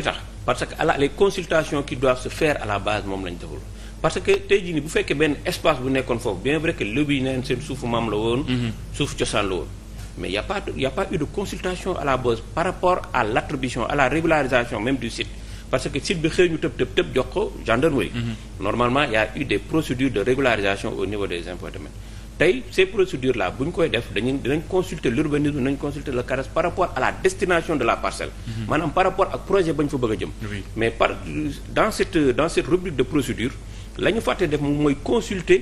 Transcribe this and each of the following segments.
nga tax parce que à la les qui doivent se faire à la base moom lañ deful parce que tey jii nii bu fekkee benn espace bu nekkoon foofu bien vrai que lobby neen seen suufu maam la woon. Mhm. suuf cosaan la woon. mais y' a pas y' a pas eu de consultation à la base par rapport à l' à la régularisation même du site. parce que site bi xëy ñu tëb tëb tëb jox ko gendarmerie. Mhm. normalement y' eu des procédures de régularisation au niveau des impôts tey ces procédures là bu ñu koy def dañuy dinañ consulter l'urbanisme nañ consulter le CARES par rapport à la destination de la parcelle mhm. maanaam par rapport ak projet ba ñu fa bëgg a jëm mais par dans cette dans cette rubrique de procédure la fàtte def moom mooy consulter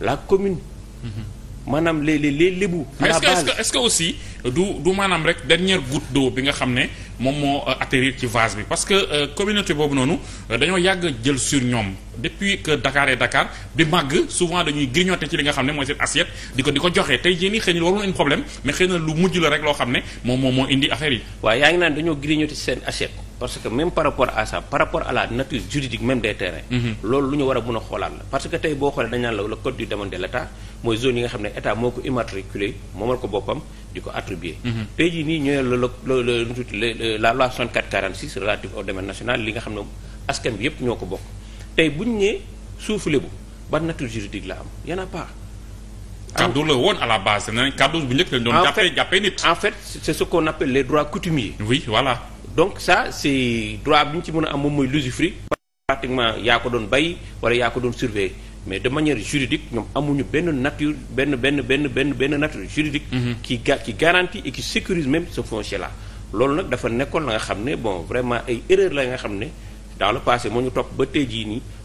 la commune mhm. maanaam les les les lébu. à la base mais est-ce que aussi du du maanaam rek dernière goutte d'eau bi nga xam ne moom moo euh, atterrir ci vase bi parce que euh, communauté boobu noonu euh, dañoo yàgg jël sur ñoom depuis que Dakar est Dakar di màgg souvent dañuy grignoter ci li nga xam ne mooy seen assiette di ko di ko joxe tey jii nii xëy na warul problème mais xëy lu mujj la rek loo xam ne moom moom moo indi affaire yi. yaa ngi naan dañoo grignoter ci seen assiette. parce que même par rapport à par rapport à nature juridique même des terrains. Mhm. loolu lu ñu war a mën a xoolaat la parce que tey boo xoolee dañ naan la code de l' état mooy zone yi nga xam ne état moo ko immatriculé moomal ko boppam di ko attribué. Mhm. tey jii nii ñooy la la la loi 64 46 relative au domaine national li nga xam ne askan bi yëpp ñoo ko bokk tey bu ñu nee suufu lébu nature juridique la am y en a bu donc ça c'est droit bi ñu ci mun a am moom mooy l'usufruit pratiquement yaa ko doon bay wala yaa ko doon surveiller mais de manière juridique ñoom amuñu benn nature benn benn benn benn benn nature juridique mhm. qui ga qui garantit et qui sécurise même foncier là loolu nag dafa nekkoon la nga xam ne bon vraiment ay erreur la nga xam ne daal le passé moo ñu topp ba tey jii nii